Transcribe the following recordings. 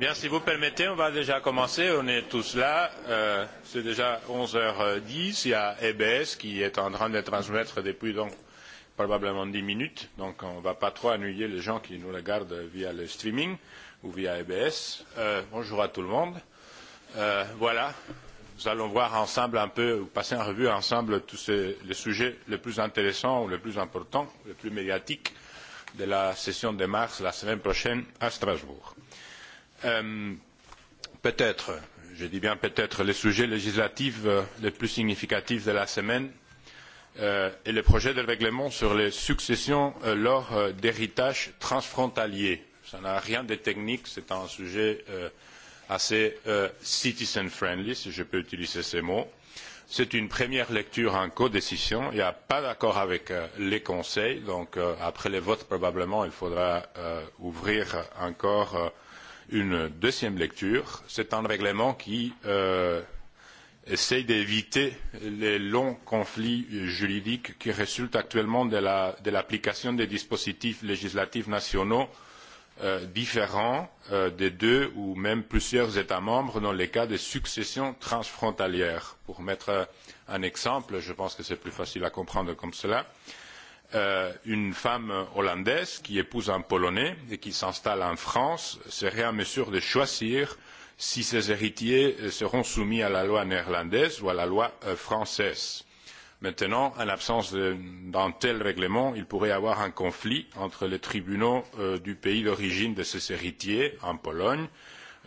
Bien, si vous permettez, on va déjà commencer. On est tous là. Euh, c'est déjà 11h10. Il y a EBS qui est en train de transmettre depuis donc probablement 10 minutes. Donc on ne va pas trop ennuyer les gens qui nous regardent via le streaming ou via EBS. Euh, bonjour à tout le monde. Euh, voilà. Nous allons voir ensemble un peu, ou passer en revue ensemble tous ces, les sujets les plus intéressants ou les plus importants, les plus médiatiques de la session de mars la semaine prochaine à Strasbourg peut être je dis bien peut être le sujet législatif le plus significatif de la semaine est le projet de règlement sur les successions lors d'héritages transfrontaliers. cela n'a rien de technique c'est un sujet assez citizen friendly si je peux utiliser ce mot. C'est une première lecture en codécision. Il n'y a pas d'accord avec le Conseil, Donc, après le vote, probablement, il faudra ouvrir encore une deuxième lecture. C'est un règlement qui essaie d'éviter les longs conflits juridiques qui résultent actuellement de l'application des dispositifs législatifs nationaux différents des deux ou même plusieurs États membres dans les cas de successions transfrontalières. Pour mettre un exemple, je pense que c'est plus facile à comprendre comme cela. Euh, une femme hollandaise qui épouse un Polonais et qui s'installe en France serait en mesure de choisir si ses héritiers seront soumis à la loi néerlandaise ou à la loi française. Maintenant, en l'absence d'un tel règlement, il pourrait y avoir un conflit entre les tribunaux du pays d'origine de ses héritiers en Pologne,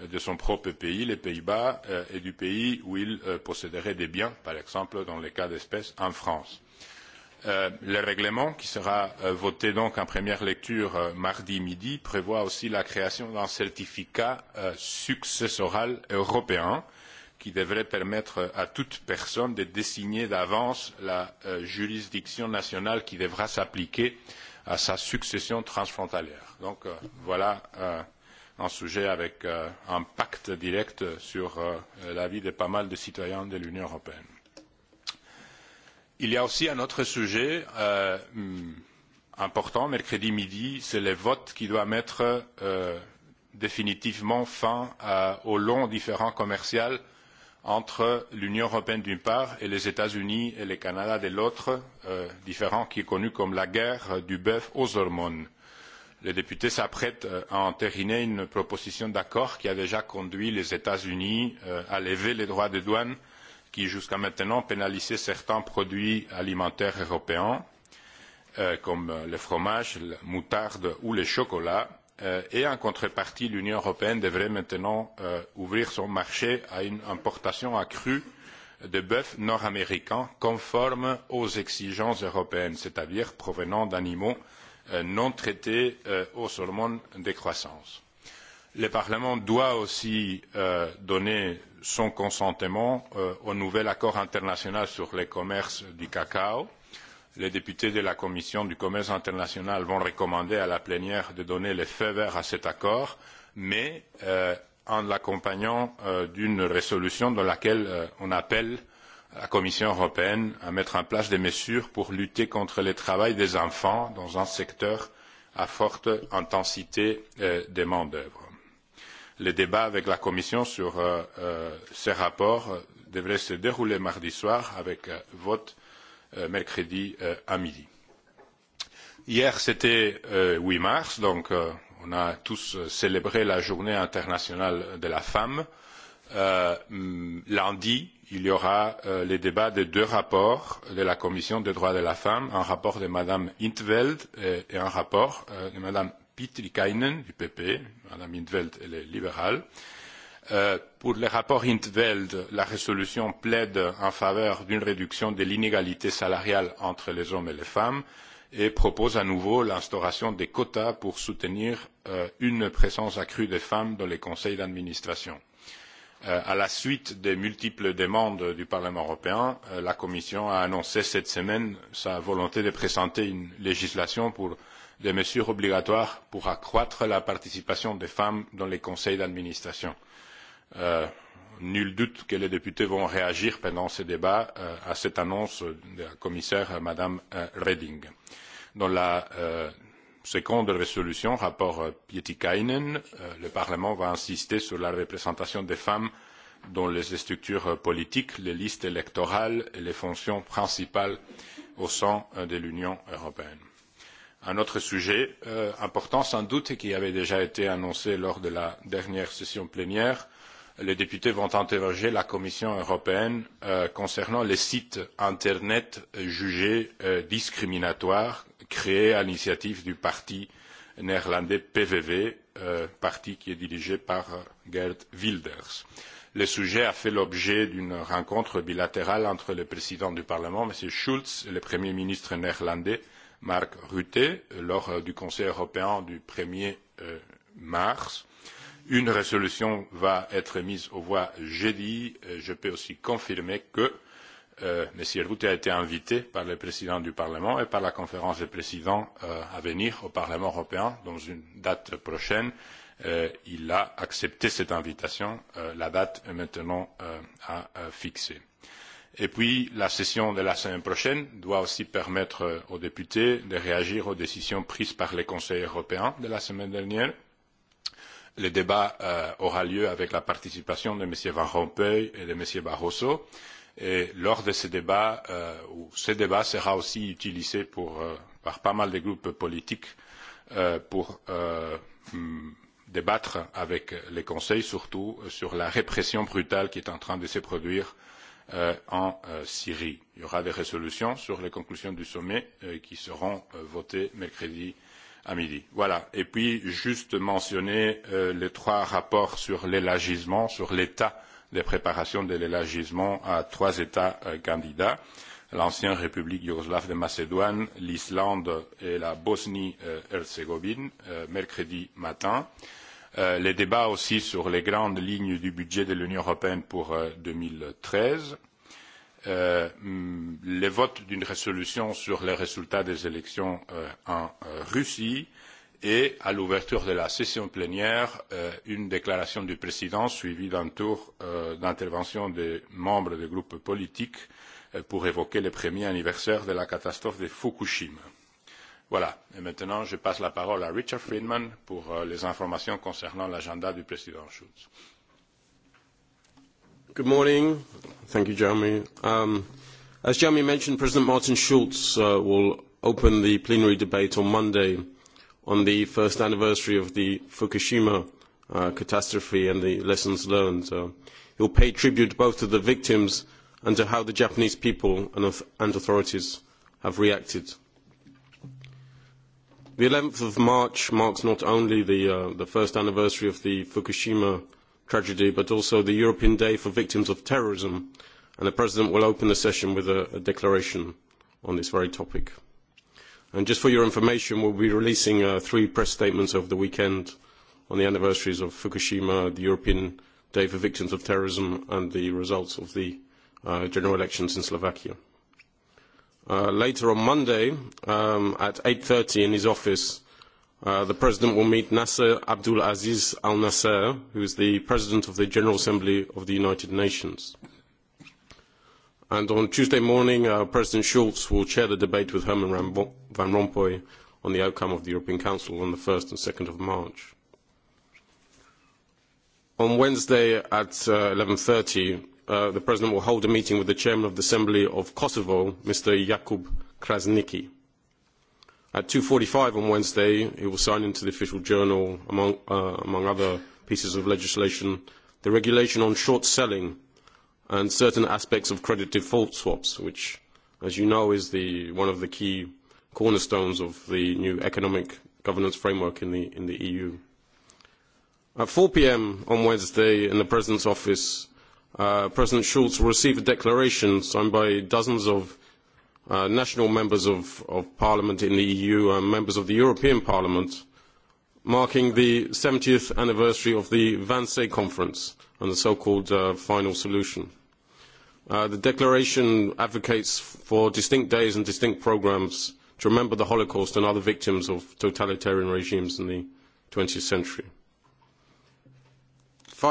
de son propre pays, les Pays-Bas, et du pays où il posséderait des biens, par exemple dans le cas d'espèce en France le règlement qui sera voté donc en première lecture mardi midi prévoit aussi la création d'un certificat successoral européen qui devrait permettre à toute personne de désigner d'avance la juridiction nationale qui devra s'appliquer à sa succession transfrontalière. Donc voilà un sujet avec un impact direct sur la vie de pas mal de citoyens de l'Union européenne. Il y a aussi un autre sujet important, mercredi midi, c'est le vote qui doit mettre définitivement fin au long différend commercial entre l'Union européenne d'une part et les États-Unis et le Canada de l'autre, différend qui est connu comme la guerre du bœuf aux hormones. Les députés s'apprêtent à entériner une proposition d'accord qui a déjà conduit les États-Unis à lever les droits de douane qui jusqu'à maintenant pénalisait certains produits alimentaires européens comme le fromage, la moutarde ou le chocolat. et en contrepartie, l'Union européenne devrait maintenant ouvrir son marché à une importation accrue de bœuf nord-américain conforme aux exigences européennes, c'est-à-dire provenant d'animaux non traités aux hormones de croissance. Le Parlement doit aussi donner son consentement au nouvel accord international sur le commerce du cacao. Les députés de la Commission du commerce international vont recommander à la plénière de donner le feu vert à cet accord, mais en l'accompagnant d'une résolution dans laquelle on appelle la Commission européenne à mettre en place des mesures pour lutter contre le travail des enfants dans un secteur à forte intensité de main-d'œuvre Les débats avec la Commission sur ces rapports devraient se dérouler mardi soir avec vote mercredi à midi. Hier, c'était le huit mars, donc on a tous célébré la journée internationale de la femme. lundi, il y aura le débat des deux rapports de la Commission des droits de la femme, un rapport de Mme Veld et, un rapport de Mme Kainen du PP, Madame Hintveld, elle est libérale. pour le rapport Hintveld, la résolution plaide en faveur d'une réduction de l'inégalité salariale entre les hommes et les femmes et propose à nouveau l'instauration des quotas pour soutenir une présence accrue des femmes dans les conseils d'administration. à la suite des multiples demandes du Parlement européen, la Commission a annoncé cette semaine sa volonté de présenter une législation pour des mesures obligatoires pour accroître la participation des femmes dans les conseils d'administration. nul doute que les députés vont réagir pendant ce débat à cette annonce de la commissaire Mme Reding. Dans la seconde résolution, rapport Pietikainen, le Parlement va insister sur la représentation des femmes dans les structures politiques, les listes électorales et les fonctions principales au sein de l'Union européenne Un autre sujet important sans doute et qui avait déjà été annoncé lors de la dernière session plénière, les députés vont interroger la Commission européenne concernant les sites Internet jugés discriminatoires créés à l'initiative du parti néerlandais PVV, parti qui est dirigé par Geert Wilders. Le sujet a fait l'objet d'une rencontre bilatérale entre le président du Parlement, M. Schulz, et le Premier ministre néerlandais, Marc Rutte lors du Conseil européen du 1er mars. Une résolution va être mise aux voix jeudi. Je peux aussi confirmer que M. Rutte a été invité par le président du Parlement et par la conférence des présidents à venir au Parlement européen dans une date prochaine. il a accepté cette invitation. la date est maintenant à fixer. Et puis, la session de la semaine prochaine doit aussi permettre aux députés de réagir aux décisions prises par le Conseil européen de la semaine dernière. Le débat aura lieu avec la participation de M. Van Rompuy et de M. Barroso. Et lors de ce débat, ce débat sera aussi utilisé par pas mal de groupes politiques pour débattre avec le Conseil, surtout sur la répression brutale qui est en train de se produire en Syrie. Il y aura des résolutions sur les conclusions du sommet qui seront votées mercredi à midi. Voilà. Et puis, juste mentionner les trois rapports sur l'élargissement, sur l'état des préparations de l'élargissement à trois États candidats l'ancienne République yougoslave de Macédoine, l'Islande et la Bosnie-Herzégovine, mercredi matin. Euh, les débats aussi sur les grandes lignes du budget de l'Union européenne pour deux mille treize, le vote d'une résolution sur les résultats des élections en Russie et à l'ouverture de la session plénière, une déclaration du président suivie d'un tour d'intervention des membres des groupes politiques pour évoquer le premier anniversaire de la catastrophe de Fukushima Voilà. Et maintenant, je passe la parole à Richard Friedman pour les informations concernant l'agenda du président Schulz. Good morning. Thank you, Jeremy. as Jeremy mentioned, President Martin Schulz will open the plenary debate on Monday on the first anniversary of the Fukushima uh catastrophe and the lessons learned. He will pay tribute both to the victims and to how the Japanese people and authorities have reacted The 11th of March marks not only the, uh, the first anniversary of the Fukushima tragedy, but also the European Day for Victims of Terrorism, and the President will open the session with a, a declaration on this very topic. And just for your information, we'll be releasing uh, three press statements over the weekend on the anniversaries of Fukushima, the European Day for Victims of Terrorism, and the results of the uh, general elections in Slovakia later on Monday at eight thirty in his office, the President will meet Nasser Abdul Aziz Al Nasser, who is the President of the General Assembly of the United Nations. And on Tuesday morning, President Schulz will chair the debate with Herman Van Rompuy on the outcome of the European Council on the 1st and 2nd of March. On Wednesday at eleven thirty the President will hold a meeting with the Chairman of the Assembly of Kosovo, Mr. Jakub Krasniki. At two forty five on Wednesday, he will sign into the official journal, among, other pieces of legislation, the regulation on short selling and certain aspects of credit default swaps, which, as you know, is one of the key cornerstones of the new economic governance framework in the, EU. At four p.m. on Wednesday, in the President's office, President Schulz will receive a declaration signed by dozens of national members of, Parliament in the EU and members of the European Parliament marking the 70th anniversary of the Wannsee Conference and the so-called final solution. the declaration advocates for distinct days and distinct programmes to remember the Holocaust and other victims of totalitarian regimes in the twentieth century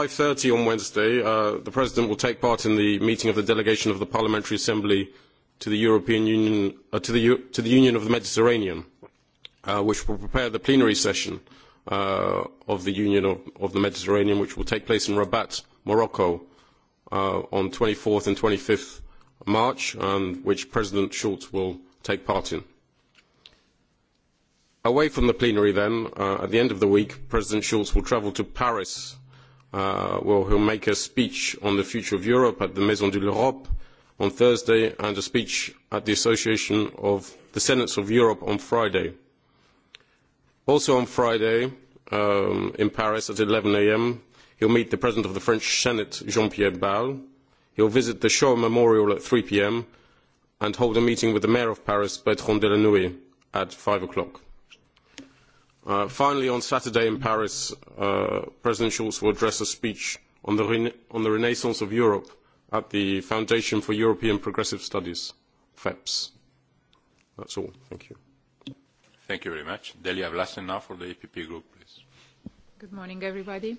thirty on Wednesday, the President will take part in the meeting of the delegation of the Parliamentary Assembly to the European Union, to, the, Union of the Mediterranean, which will prepare the plenary session of the Union of, the Mediterranean, which will take place in Rabat, Morocco, on twenty th and twenty th March, and which President Schulz will take part in. Away from the plenary, then, at the end of the week, President Schulz will travel to Paris where he'll make a speech on the future of Europe at the Maison de l'Europe on Thursday and a speech at the Association of the Senates of Europe on Friday. Also on Friday, in Paris at eleven a.m., he'll meet the President of the French Senate, Jean-Pierre Ball. He'll visit the Shaw Memorial at three p.m. and hold a meeting with the Mayor of Paris, Bertrand Delanoë, at five o'clock finally, on Saturday in Paris, President Schulz will address a speech on the, renaissance of Europe at the Foundation for European Progressive Studies, FEPS. That's all. Thank you. Thank you very much. Delia now for the EPP group, please. Good morning, everybody.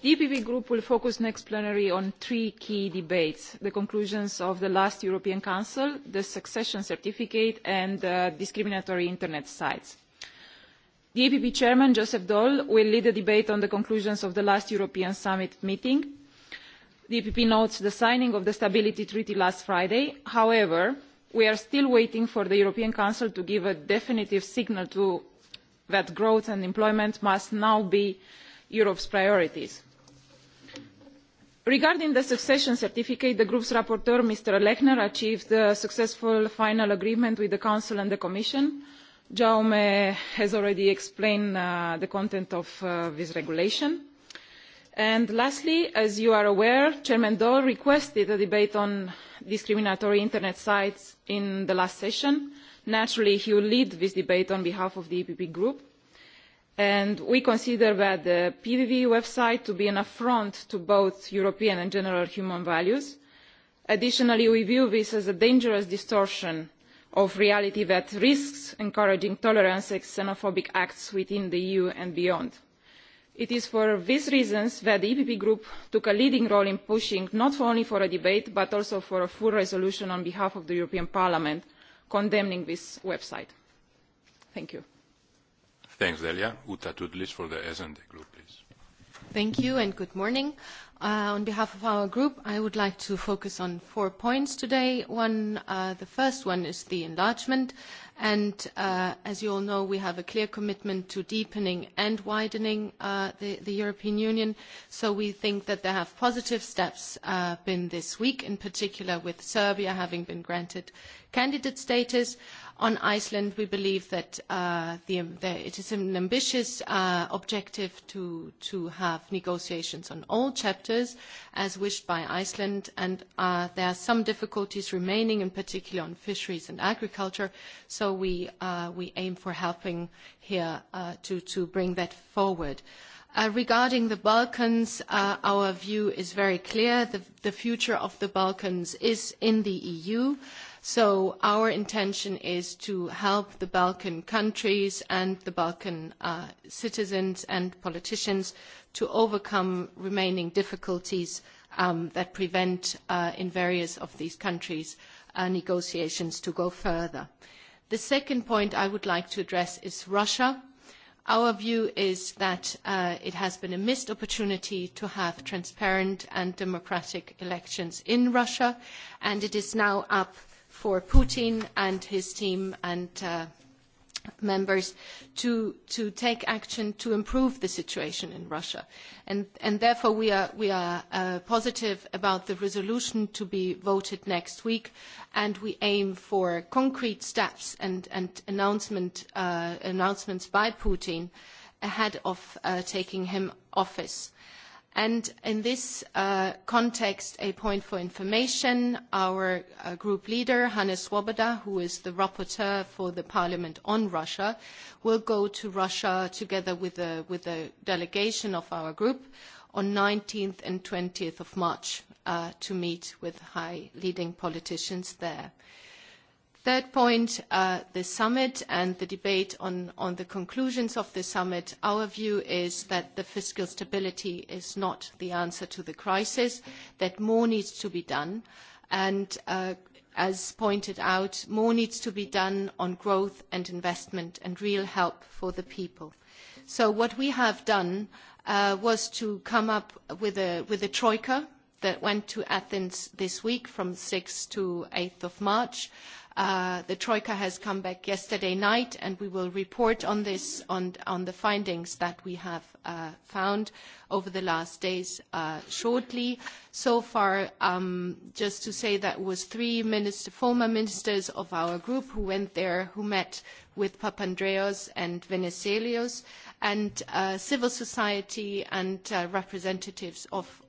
The EPP group will focus next plenary on three key debates, the conclusions of the last European Council, the succession certificate, and discriminatory Internet sites the epp chairman joseph daul will lead the debate on the conclusions of the last european summit meeting. the epp notes the signing of the stability treaty last friday. however we are still waiting for the european council to give a definitive signal that growth and employment must now be europe's priorities. regarding the succession certificate the group's rapporteur mr lechner achieved a successful final agreement with the council and the commission. Jaume has already explained the content of this regulation. And lastly, as you are aware, Chairman Daul requested a debate on discriminatory internet sites in the last session. Naturally, he will lead this debate on behalf of the EPP group. And we consider that the PVV website to be an affront to both European and general human values. Additionally, we view this as a dangerous distortion of reality that risks encouraging tolerance and xenophobic acts within the eu and beyond. it is for these reasons that the epp group took a leading role in pushing not only for a debate but also for a full resolution on behalf of the european parliament condemning this website. thank you. thanks delia. uta tudlis for the sd group please. thank you and good morning on behalf of our group, I would like to focus on four points today. One, the first one is the enlargement, and as you all know, we have a clear commitment to deepening and widening the, European Union. So we think that there have positive steps been this week, in particular with Serbia having been granted candidate status. On Iceland, we believe that it is an ambitious objective to have negotiations on all chapters, as wished by Iceland, and there are some difficulties remaining, in particular on fisheries and agriculture. So we aim for helping here to bring that forward. Regarding the Balkans, our view is very clear. The future of the Balkans is in the EU So our intention is to help the Balkan countries and the Balkan citizens and politicians to overcome remaining difficulties that prevent in various of these countries negotiations to go further. The second point I would like to address is Russia. Our view is that it has been a missed opportunity to have transparent and democratic elections in Russia, and it is now up for Putin and his team and members to, take action to improve the situation in Russia. And, therefore, we are, positive about the resolution to be voted next week, and we aim for concrete steps and, announcements by Putin ahead of taking him office. Uh, And in this context, a point for information, our group leader, Hannes Swoboda, who is the rapporteur for the Parliament on Russia, will go to Russia together with a, delegation of our group on 19th and 20th of March to meet with high leading politicians there. Third point, the summit and the debate on the conclusions of the summit. Our view is that the fiscal stability is not the answer to the crisis, that more needs to be done. And as pointed out, more needs to be done on growth and investment and real help for the people. So what we have done was to come up with a troika that went to Athens this week from 6th to 8th of March, the Troika has come back yesterday night, and we will report on this, on the findings that we have found over the last days shortly. So far, just to say that was three former ministers of our group who went there, who met with Papandreou and Venizelius, and civil society and representatives of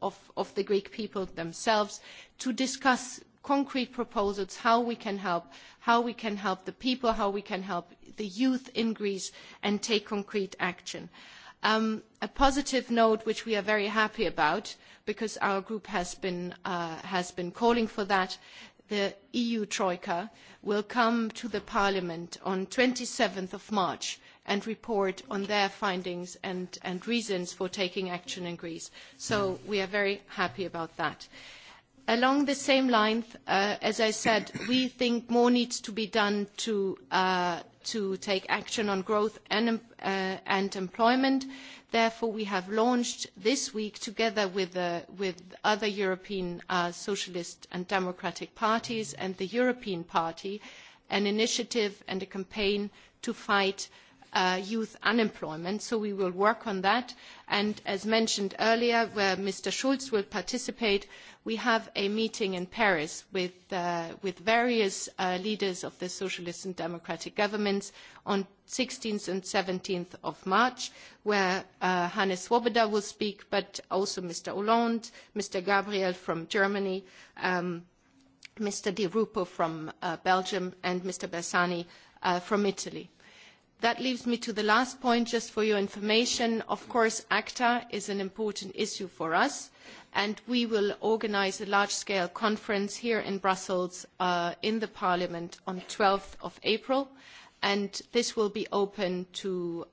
the Greek people themselves to discuss concrete proposals how we can help, how we can help the people, how we can help the youth in Greece and take concrete action. a positive note which we are very happy about because our group has been, calling for that, the EU Troika will come to the Parliament on 27th of March and report on their findings and, reasons for taking action in Greece. So we are very happy about that. Along the same line, as I said, we think more needs to be done to take action on growth and employment. Therefore, we have launched this week, together with other European socialist and democratic parties and the European Party, an initiative and a campaign to fight youth unemployment. So we will work on that. And as mentioned earlier, where Mr. Schulz will participate, we have a meeting in Paris with, various leaders of the socialist and democratic governments on 16th and 17 of March, where Hannes Swoboda will speak, but also Mr. Hollande, Mr. Gabriel from Germany, Mr. Di Rupo from Belgium, and Mr. Bersani from Italy That leaves me to the last point, just for your information. Of course, ACTA is an important issue for us, and we will organise a large-scale conference here in Brussels in the Parliament on 12th of April, and this will be open to,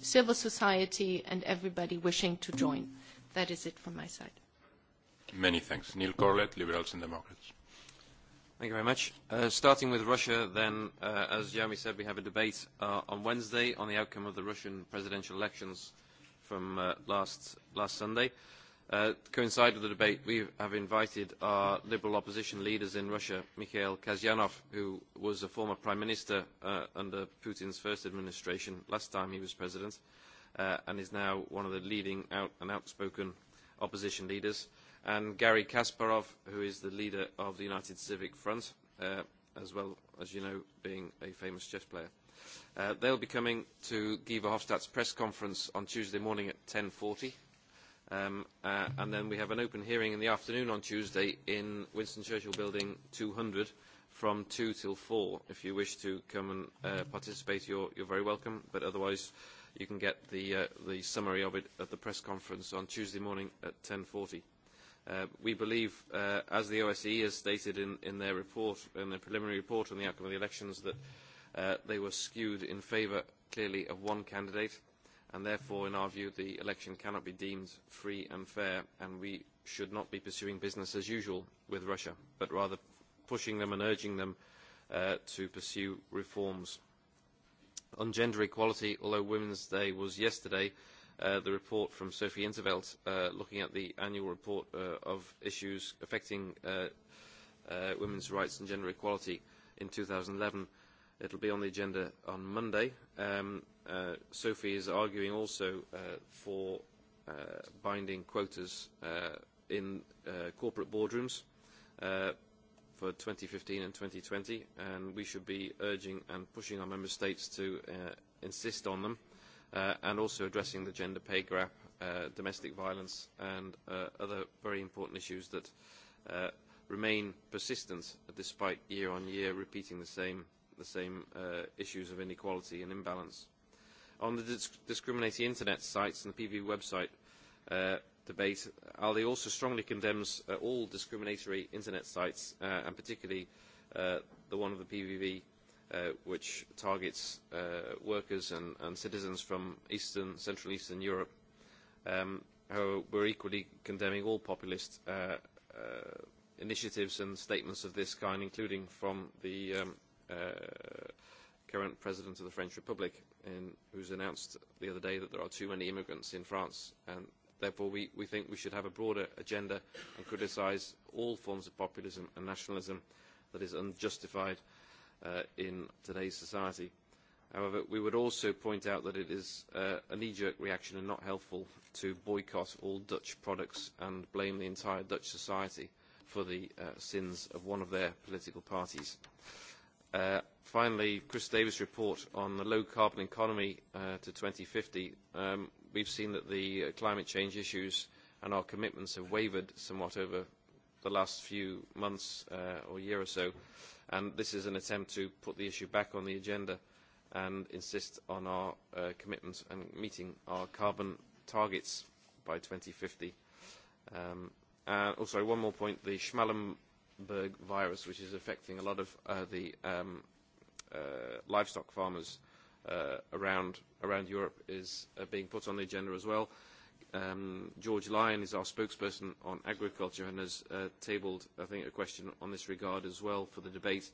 civil society and everybody wishing to join. That is it from my side. Many thanks. Neil Corlett, Liberals and Democrats. Thank you very much. Uh, starting with Russia, then, uh, as Jeremy said, we have a debate uh, on Wednesday on the outcome of the Russian presidential elections from uh, last, last Sunday. Uh, coincide with the debate, we have invited our liberal opposition leaders in Russia, Mikhail Kazyanov, who was a former prime minister uh, under Putin's first administration last time he was president, uh, and is now one of the leading out and outspoken opposition leaders. Uh, and Gary Kasparov, who is the leader of the United Civic Front, uh, as well as you know, being a famous chess player. Uh, they'll be coming to Guy Verhofstadt's press conference on Tuesday morning at 10.40. Um, uh, and then we have an open hearing in the afternoon on Tuesday in Winston Churchill Building 200 from 2 till 4. If you wish to come and uh, participate, you're, you're very welcome. But otherwise, you can get the, uh, the summary of it at the press conference on Tuesday morning at 10.40 we believe, as the OSCE has stated in, their report, in their preliminary report on the outcome of the elections, that they were skewed in favour, clearly, of one candidate, and therefore, in our view, the election cannot be deemed free and fair, and we should not be pursuing business as usual with Russia, but rather pushing them and urging them to pursue reforms. On gender equality, although Women's Day was yesterday, the report from Sophie Interveld looking at the annual report uh of issues affecting uh uh women's rights and gender equality in eleven. It will be on the agenda on Monday. Sophie is arguing also uh for uh binding quotas uh in uh corporate boardrooms uh for fifteen and twenty, and we should be urging and pushing our member states to uh insist on them uh, and also addressing the gender pay gap, uh, domestic violence, and uh, other very important issues that uh, remain persistent despite year on year repeating the same, the same uh, issues of inequality and imbalance. On the disc discriminating internet sites and the PV website uh, debate, ALDE also strongly condemns uh, all discriminatory internet sites, uh, and particularly uh, the one of the PVV which targets workers and, citizens from Eastern, Central Eastern Europe. however, we are equally condemning all populist initiatives and statements of this kind, including from the current President of the French Republic, who has announced the other day that there are too many immigrants in France. And therefore, we, we think we should have a broader agenda and criticise all forms of populism and nationalism that is unjustified uh, in today's society. However, we would also point out that it is a knee-jerk reaction and not helpful to boycott all Dutch products and blame the entire Dutch society for the sins of one of their political parties. finally, Chris Davis' report on the low-carbon economy uh, to 2050, um, we've seen that the climate change issues and our commitments have wavered somewhat over the last few months uh, or year or so. And this is an attempt to put the issue back on the agenda and insist on our uh, commitment and meeting our carbon targets by 2050. Um, and also, one more point, the Schmallenberg virus, which is affecting a lot of uh, the um, uh, livestock farmers uh, around, around Europe, is uh, being put on the agenda as well Um, George Lyon is our spokesperson on agriculture and has uh, tabled, I think, a question on this regard as well for the debate.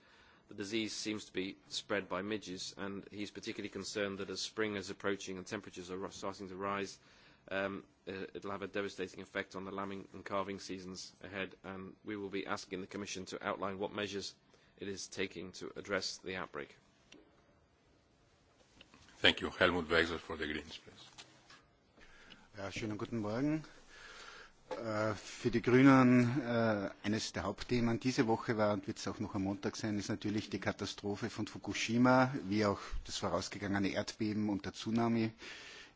The disease seems to be spread by midges, and he's particularly concerned that as spring is approaching and temperatures are starting to rise, um, it'll have a devastating effect on the lambing and calving seasons ahead, and we will be asking the Commission to outline what measures it is taking to address the outbreak. Thank you. Helmut Wegser for the Greens, please. Ja, schönen guten Morgen. Für die Grünen eines der Hauptthemen diese Woche war und wird es auch noch am Montag sein, ist natürlich die Katastrophe von Fukushima, wie auch das vorausgegangene Erdbeben und der Tsunami,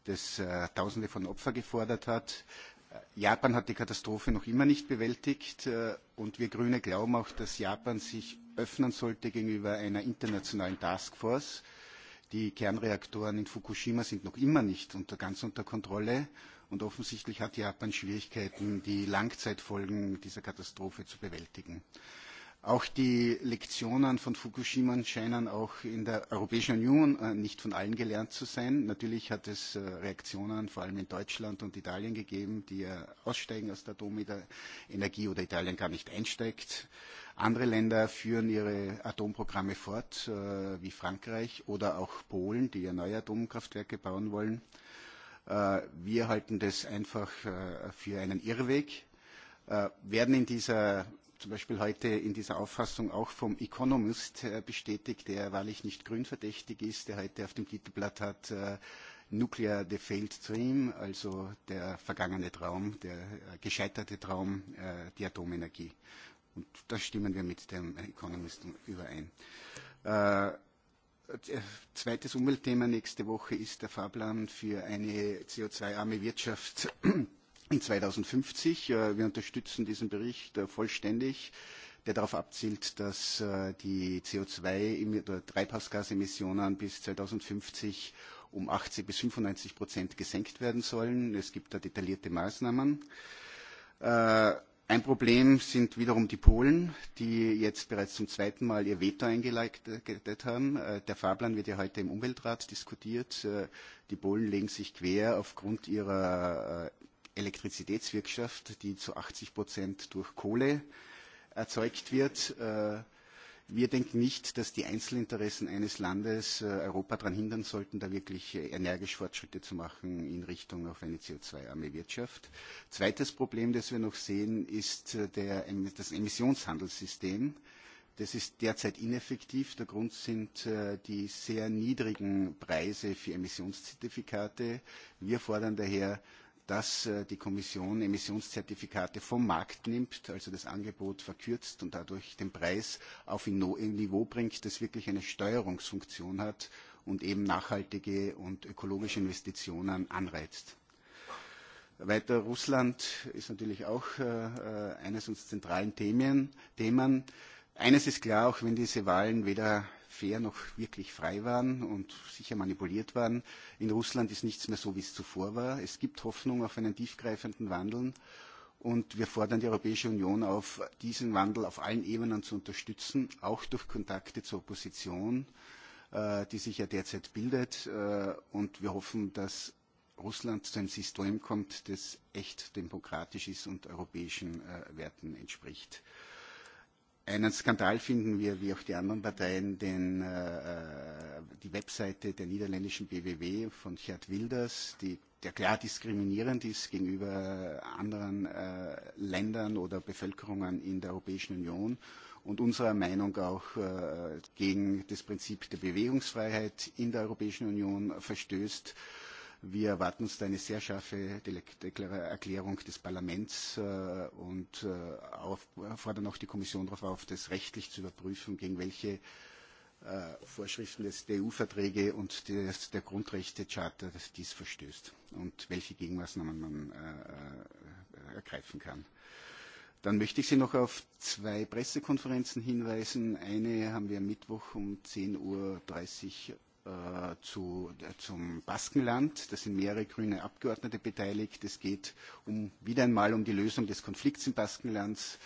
das Tausende von Opfern gefordert hat. Japan hat die Katastrophe noch immer nicht bewältigt und wir Grüne glauben auch, dass Japan sich öffnen sollte gegenüber einer internationalen Taskforce. Die Kernreaktoren in Fukushima sind noch immer nicht ganz unter Kontrolle. Und offensichtlich hat Japan Schwierigkeiten, die Langzeitfolgen dieser Katastrophe zu bewältigen. Auch die Lektionen von Fukushima scheinen auch in der Europäischen Union nicht von allen gelernt zu sein. Natürlich hat es Reaktionen vor allem in Deutschland und Italien gegeben, die aussteigen aus der Atomenergie oder Italien gar nicht einsteigt. Andere Länder führen ihre Atomprogramme fort, wie Frankreich oder auch Polen, die ja neue Atomkraftwerke bauen wollen. Wir halten das einfach für einen Irrweg werden in dieser zum Beispiel heute in dieser Auffassung auch vom Economist bestätigt, der wahrlich nicht grünverdächtig ist, der heute auf dem Titelblatt hat Nuclear the Failed Dream, also der vergangene Traum, der gescheiterte Traum, die Atomenergie. Und da stimmen wir mit dem Economist überein. Zweites Umweltthema nächste Woche ist der Fahrplan für eine CO2-arme Wirtschaft in 2050. Wir unterstützen diesen Bericht vollständig, der darauf abzielt, dass die CO2 oder Treibhausgasemissionen bis 2050 um 80 bis 95 Prozent gesenkt werden sollen. Es gibt da detaillierte Maßnahmen. Ein Problem sind wiederum die Polen, die jetzt bereits zum zweiten Mal ihr Veto eingeleitet haben. Der Fahrplan wird ja heute im Umweltrat diskutiert. Die Polen legen sich quer aufgrund ihrer Elektrizitätswirtschaft, die zu 80 Prozent durch Kohle erzeugt wird. Wir denken nicht, dass die Einzelinteressen eines Landes Europa daran hindern sollten, da wirklich energisch Fortschritte zu machen in Richtung auf eine CO2-arme Wirtschaft. Zweites Problem, das wir noch sehen, ist das Emissionshandelssystem. Das ist derzeit ineffektiv. Der Grund sind die sehr niedrigen Preise für Emissionszertifikate. Wir fordern daher, dass die Kommission Emissionszertifikate vom Markt nimmt, also das Angebot verkürzt und dadurch den Preis auf ein Niveau bringt, das wirklich eine Steuerungsfunktion hat und eben nachhaltige und ökologische Investitionen anreizt. Weiter Russland ist natürlich auch eines unserer zentralen Themen. Eines ist klar, auch wenn diese Wahlen weder fair noch wirklich frei waren und sicher manipuliert waren. In Russland ist nichts mehr so, wie es zuvor war. Es gibt Hoffnung auf einen tiefgreifenden Wandel. Und wir fordern die Europäische Union auf, diesen Wandel auf allen Ebenen zu unterstützen, auch durch Kontakte zur Opposition, die sich ja derzeit bildet. Und wir hoffen, dass Russland zu einem System kommt, das echt demokratisch ist und europäischen Werten entspricht einen Skandal finden wir, wie auch die anderen Parteien, den, äh, die Webseite der niederländischen BWW von Gerd Wilders, die, der klar diskriminierend ist gegenüber anderen äh, Ländern oder Bevölkerungen in der Europäischen Union und unserer Meinung auch äh, gegen das Prinzip der Bewegungsfreiheit in der Europäischen Union verstößt. Wir erwarten uns da eine sehr scharfe Erklärung des Parlaments und fordern auch die Kommission darauf auf, das rechtlich zu überprüfen, gegen welche Vorschriften des EU-Verträge und des, der Grundrechtecharta dies verstößt und welche Gegenmaßnahmen man ergreifen kann. Dann möchte ich Sie noch auf zwei Pressekonferenzen hinweisen. Eine haben wir am Mittwoch um 10.30 Uhr zu, zum Baskenland. Da sind mehrere grüne Abgeordnete beteiligt. Es geht um, wieder einmal um die Lösung des Konflikts im Baskenland.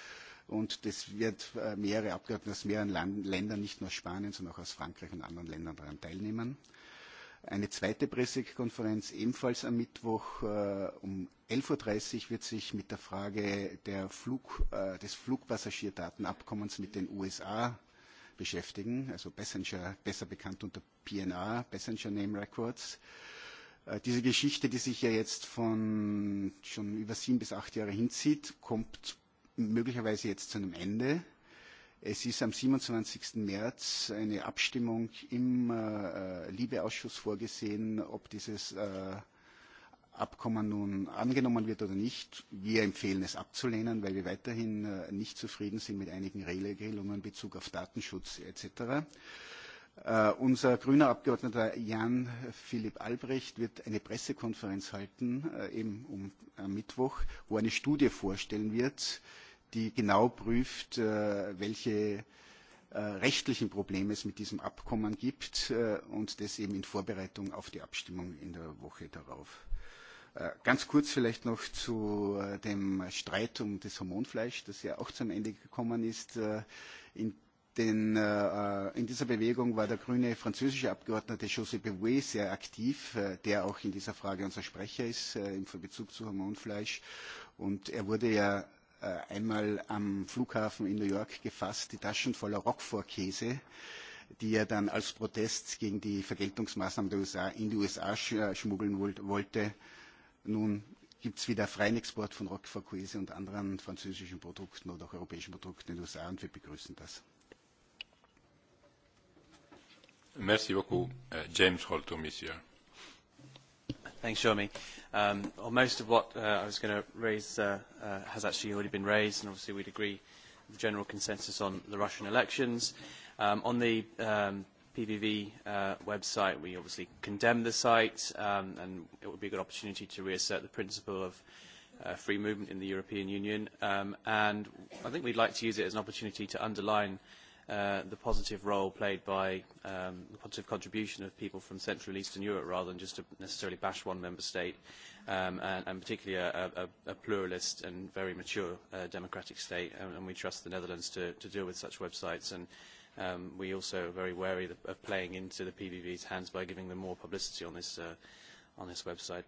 Und das wird mehrere Abgeordnete aus mehreren Ländern, nicht nur aus Spanien, sondern auch aus Frankreich und anderen Ländern daran teilnehmen. Eine zweite Pressekonferenz ebenfalls am Mittwoch um 11.30 Uhr wird sich mit der Frage des Flugpassagierdatenabkommens mit den USA beschäftigen, also Passenger, besser bekannt unter PNR, Passenger Name Records. Diese Geschichte, die sich ja jetzt von schon über sieben bis acht Jahre hinzieht, kommt möglicherweise jetzt zu einem Ende. Es ist am 27. März eine Abstimmung im Libe-Ausschuss vorgesehen, ob dieses äh, Abkommen nun angenommen wird oder nicht. Wir empfehlen es abzulehnen, weil wir weiterhin nicht zufrieden sind mit einigen Regelungen in Bezug auf Datenschutz etc. Unser grüner Abgeordneter Jan Philipp Albrecht wird eine Pressekonferenz halten, eben am Mittwoch, wo er eine Studie vorstellen wird, die genau prüft, welche rechtlichen Probleme es mit diesem Abkommen gibt und das eben in Vorbereitung auf die Abstimmung in der Woche darauf. Ganz kurz vielleicht noch zu dem Streit um das Hormonfleisch, das ja auch zum Ende gekommen ist. In, den, in dieser Bewegung war der grüne französische Abgeordnete José Bouet sehr aktiv, der auch in dieser Frage unser Sprecher ist in Bezug zu Hormonfleisch. Und er wurde ja einmal am Flughafen in New York gefasst, die Taschen voller Roquefort-Käse die er dann als Protest gegen die Vergeltungsmaßnahmen der USA in die USA schmuggeln wollte Nun gibt es wieder freien Export von Roquefort Coese und anderen französischen Produkten oder auch europäischen Produkten in den USA und wir begrüßen das. Merci beaucoup. James is here. Thanks, Jeremy. Um, well, most of what uh, I was going to raise uh, uh, has actually already been raised, and obviously we'd agree the general consensus on the Russian elections. Um, on the um, PVV uh, website. We obviously condemn the site, um, and it would be a good opportunity to reassert the principle of uh, free movement in the European Union. Um, and I think we'd like to use it as an opportunity to underline uh, the positive role played by um, the positive contribution of people from Central and Eastern Europe rather than just to necessarily bash one member state, um, and, and particularly a, a, a pluralist and very mature uh, democratic state. And, and we trust the Netherlands to, to deal with such websites and um, we also are very wary of playing into the PBB's hands by giving them more publicity on this, uh, on this website.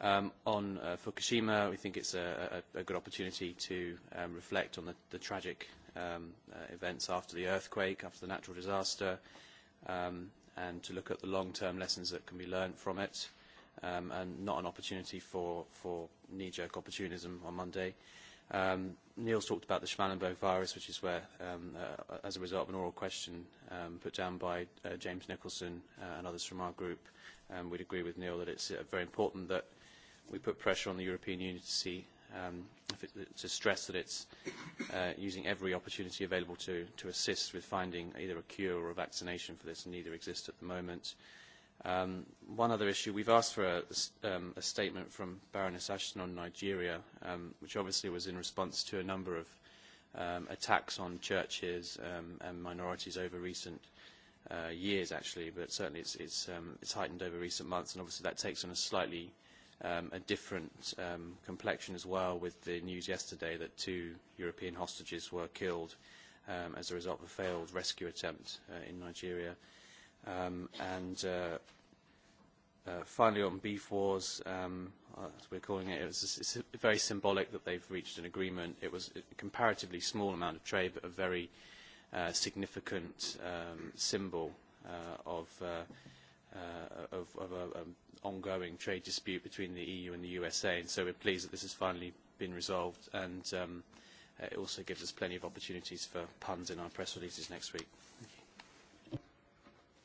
Um, on uh, Fukushima, we think it's a, a, a good opportunity to um, reflect on the, the tragic um, uh, events after the earthquake, after the natural disaster, um, and to look at the long-term lessons that can be learned from it, um, and not an opportunity for, for knee-jerk opportunism on Monday. Um, Neil's talked about the Schmallenberg virus, which is where, um, uh, as a result of an oral question um, put down by uh, James Nicholson uh, and others from our group, um, we'd agree with Neil that it's uh, very important that we put pressure on the European Union to see um, if it, to stress that it's uh, using every opportunity available to, to assist with finding either a cure or a vaccination for this, and neither exists at the moment. Uh, Um, one other issue, we've asked for a, um, a statement from Baroness Ashton on Nigeria, um, which obviously was in response to a number of um, attacks on churches um, and minorities over recent uh, years, actually, but certainly it's, it's, um, it's heightened over recent months, and obviously that takes on a slightly um, a different um, complexion as well with the news yesterday that two European hostages were killed um, as a result of a failed rescue attempt uh, in Nigeria. Um, and uh, uh, finally, on beef wars, um, as we're calling it, it was it's very symbolic that they've reached an agreement. It was a comparatively small amount of trade, but a very uh, significant um, symbol uh, of, uh, uh, of, of a, an ongoing trade dispute between the EU and the USA. And so we're pleased that this has finally been resolved. And um, it also gives us plenty of opportunities for puns in our press releases next week. Thank you.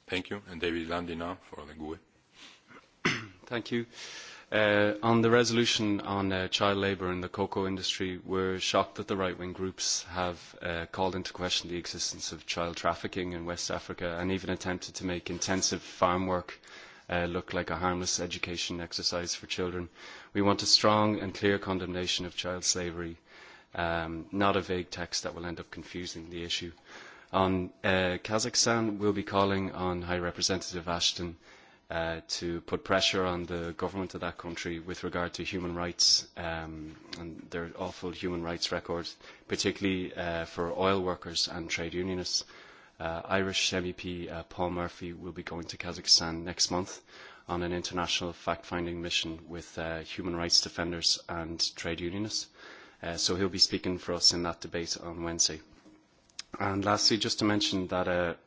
Thank you. And David Landy now for the GUE. Thank you. Uh, on the resolution on uh, child labour in the cocoa industry, we're shocked that the right-wing groups have uh, called into question the existence of child trafficking in West Africa and even attempted to make intensive farm work uh, look like a harmless education exercise for children. We want a strong and clear condemnation of child slavery, um, not a vague text that will end up confusing the issue on uh, Kazakhstan, we'll be calling on High Representative Ashton uh, to put pressure on the government of that country with regard to human rights um, and their awful human rights record, particularly uh, for oil workers and trade unionists. Uh, Irish MEP uh, Paul Murphy will be going to Kazakhstan next month on an international fact-finding mission with uh, human rights defenders and trade unionists. Uh, so he'll be speaking for us in that debate on Wednesday. And lastly, just to mention that a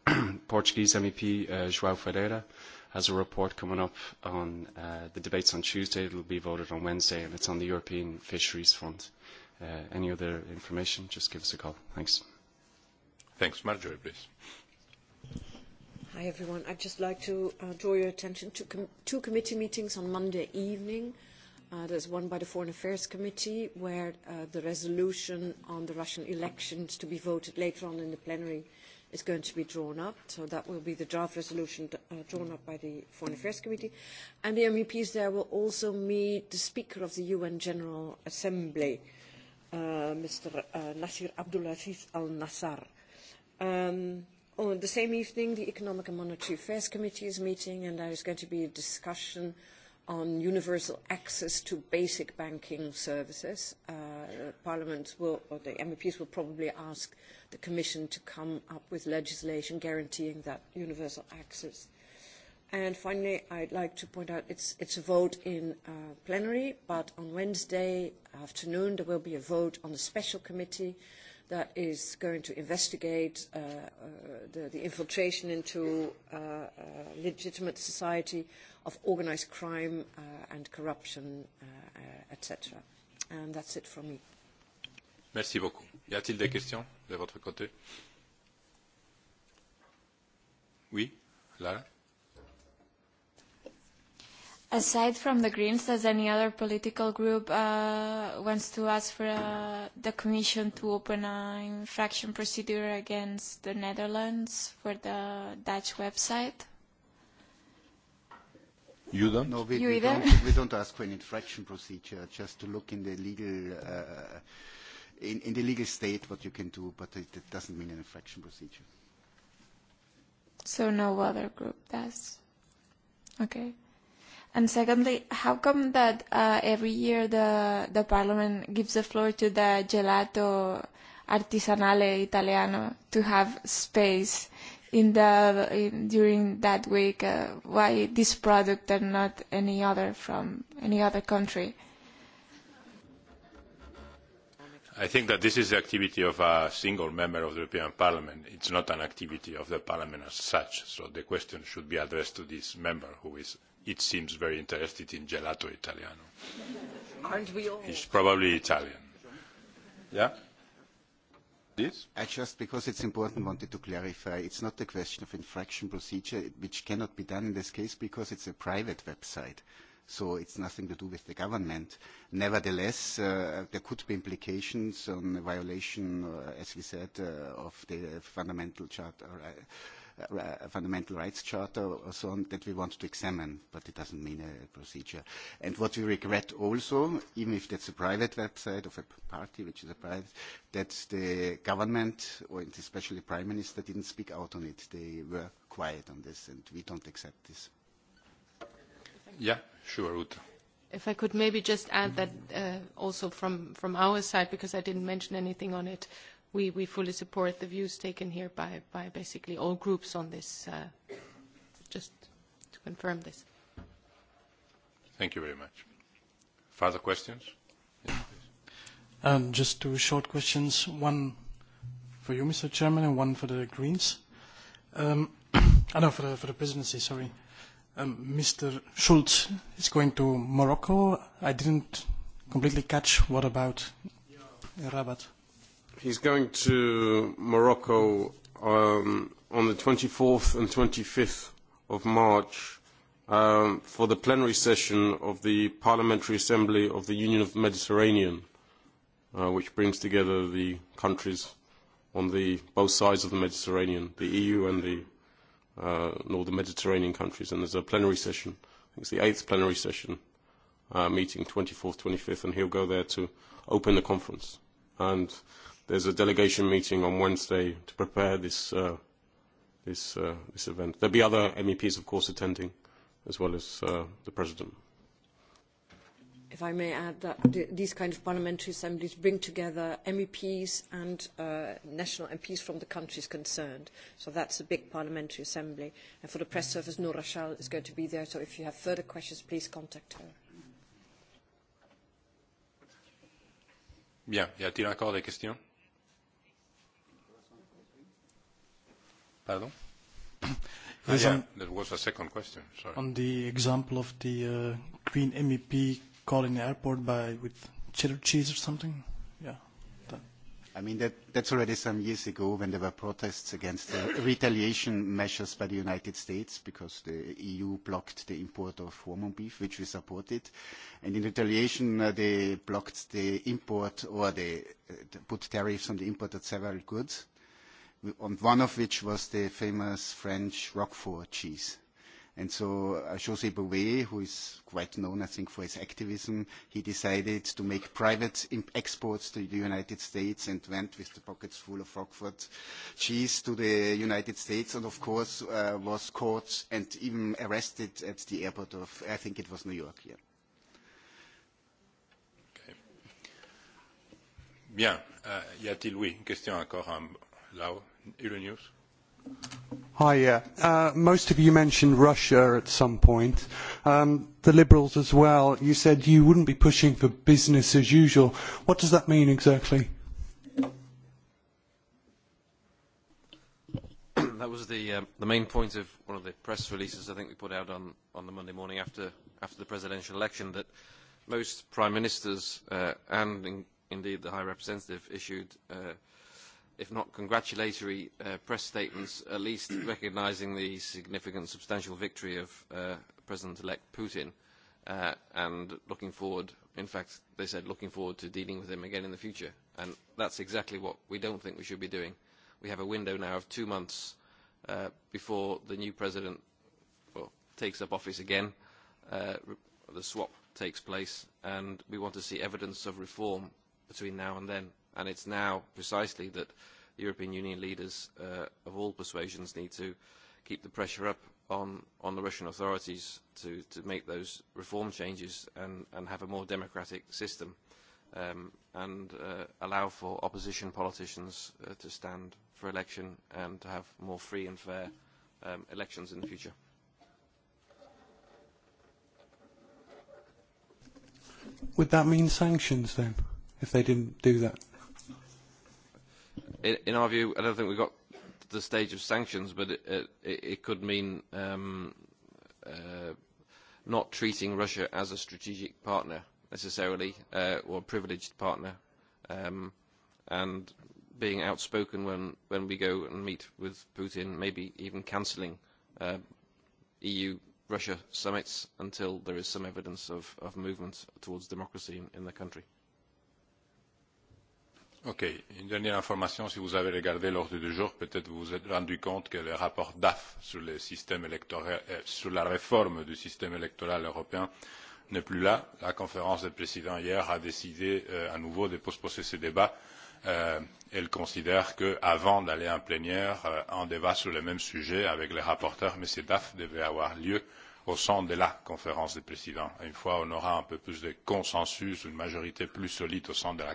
Portuguese MEP uh, João Ferreira has a report coming up on uh, the debates on Tuesday. It will be voted on Wednesday, and it's on the European Fisheries Fund. Uh, any other information, just give us a call. Thanks. Thanks. Marjorie, please. Hi, everyone. I'd just like to uh, draw your attention to com two committee meetings on Monday evening there's one by the Foreign Affairs Committee where the resolution on the Russian elections to be voted later on in the plenary is going to be drawn up. So that will be the draft resolution drawn up by the Foreign Affairs Committee. And the MEPs there will also meet the Speaker of the UN General Assembly, Mr. Nasir Abdulaziz al-Nassar. on the same evening, the Economic and Monetary Affairs Committee is meeting, and there is going to be a discussion on universal access to basic banking services. Parliament will, or the MEPs will probably ask the Commission to come up with legislation guaranteeing that universal access. And finally, I'd like to point out it's, it's a vote in plenary, but on Wednesday afternoon there will be a vote on the special committee uh, that is going to investigate uh, uh, the, the infiltration into uh, uh, legitimate society of organized crime uh, and corruption, uh, uh, etc. And that's it from me. Merci beaucoup. Y a-t-il des questions de votre côté Oui, là. Aside from the Greens, does any other political group uh, wants to ask for uh, the Commission to open an infraction procedure against the Netherlands for the Dutch website? You don't? No, we, you we Don't, we don't ask for an infraction procedure, just to look in the legal, uh, in, in the legal state what you can do, but it, it doesn't mean an infraction procedure. So no other group does? Okay. And secondly, how come that uh, every year the, the parliament gives the floor to the gelato artisanale italiano to have space in the in, during that week? Uh, why this product and not any other from any other country? I think that this is the activity of a single member of the European Parliament. It's not an activity of the Parliament as such. So the question should be addressed to this member who is it seems very interested in gelato italiano. Aren't we all? He's probably Italian. Yeah? This? I just, because it's important, wanted to clarify. It's not a question of infraction procedure, which cannot be done in this case because it's a private website. So it's nothing to do with the government. Nevertheless, uh, there could be implications on violation, uh, as we said, uh, of the fundamental charter. Uh, uh, Fundamental Rights Charter or so on that we want to examine, but it doesn't mean a procedure. And what we regret also, even if that's a private website of a party, which is a private, that the government, or especially the Prime Minister, didn't speak out on it. They were quiet on this, and we don't accept this. Yeah, sure, Ruta. If I could maybe just add that uh, also from, from our side, because I didn't mention anything on it, we, we fully support the views taken here by, by basically all groups on this, uh, just to confirm this. Thank you very much. Further questions? Yes, um, just two short questions, one for you, Mr. Chairman, and one for the Greens. Um, I know for the, for the presidency, sorry. Um, Mr. Schulz is going to Morocco. I didn't completely catch what about Rabat. He's going to Morocco um, on the 24th and 25th of March um, for the plenary session of the Parliamentary Assembly of the Union of the Mediterranean, uh, which brings together the countries on the, both sides of the Mediterranean, the EU and the uh, northern Mediterranean countries. And there's a plenary session. I think it's the eighth plenary session uh, meeting, 24th, 25th, and he'll go there to open the conference. And There's a delegation meeting on Wednesday to prepare this, uh, this, uh, this event. There'll be other MEPs, of course, attending, as well as uh, the President. If I may add that these kind of parliamentary assemblies bring together MEPs and uh, national MPs from the countries concerned. So that's a big parliamentary assembly. And for the press service, Noor Rachel is going to be there. So if you have further questions, please contact her. Bien. Y a-t-il encore des questions Pardon? Yes, yeah, there was a second question. Sorry. On the example of the uh, Green MEP calling the airport by with cheddar cheese or something. Yeah. I mean, that, that's already some years ago when there were protests against the retaliation measures by the United States because the EU blocked the import of hormone beef, which we supported. And in retaliation, uh, they blocked the import or they uh, put tariffs on the import of several goods and one of which was the famous French Roquefort cheese. And so uh, José Bouvet, who is quite known, I think, for his activism, he decided to make private exports to the United States and went with the pockets full of Rockford cheese to the United States and, of course, uh, was caught and even arrested at the airport of, I think it was New York, yeah. Bien. Uh, y a-t-il, oui, une question encore, un, Lau, Euronews. Hi, yeah. Most of you mentioned Russia at some point. The Liberals as well. You said you wouldn't be pushing for business as usual. What does that mean exactly? That was the main point of one of the press releases I think we put out on the Monday morning after the presidential election, that most prime ministers and indeed the High Representative issued if not congratulatory uh, press statements, at least recognising the significant substantial victory of uh, President-elect Putin uh, and looking forward, in fact, they said looking forward to dealing with him again in the future. And that's exactly what we don't think we should be doing. We have a window now of two months uh, before the new president well, takes up office again, uh, the swap takes place, and we want to see evidence of reform between now and then And it's now precisely that European Union leaders uh, of all persuasions need to keep the pressure up on, on the Russian authorities to, to make those reform changes and, and have a more democratic system um, and uh, allow for opposition politicians uh, to stand for election and to have more free and fair um, elections in the future. Would that mean sanctions then, if they didn't do that? in, in our view, I don't think we've got to the stage of sanctions, but it, it, it could mean um, uh, not treating Russia as a strategic partner necessarily, uh, or a privileged partner, um, and being outspoken when, when we go and meet with Putin, maybe even cancelling uh, EU-Russia summits until there is some evidence of, of movement towards democracy in, in the country. Ok. Une dernière information, si vous avez regardé l'ordre du jour, peut-être vous vous êtes rendu compte que le rapport DAF sur, le système électoral, sur la réforme du système électoral européen n'est plus là. La conférence des présidents hier a décidé à nouveau de postposer ce débat. elle considère qu'avant d'aller en plénière, un débat sur le même sujet avec les rapporteurs, M. DAF, devait avoir lieu au sein de la conférence des présidents. Une fois on aura un peu plus de consensus, une majorité plus solide au sein de la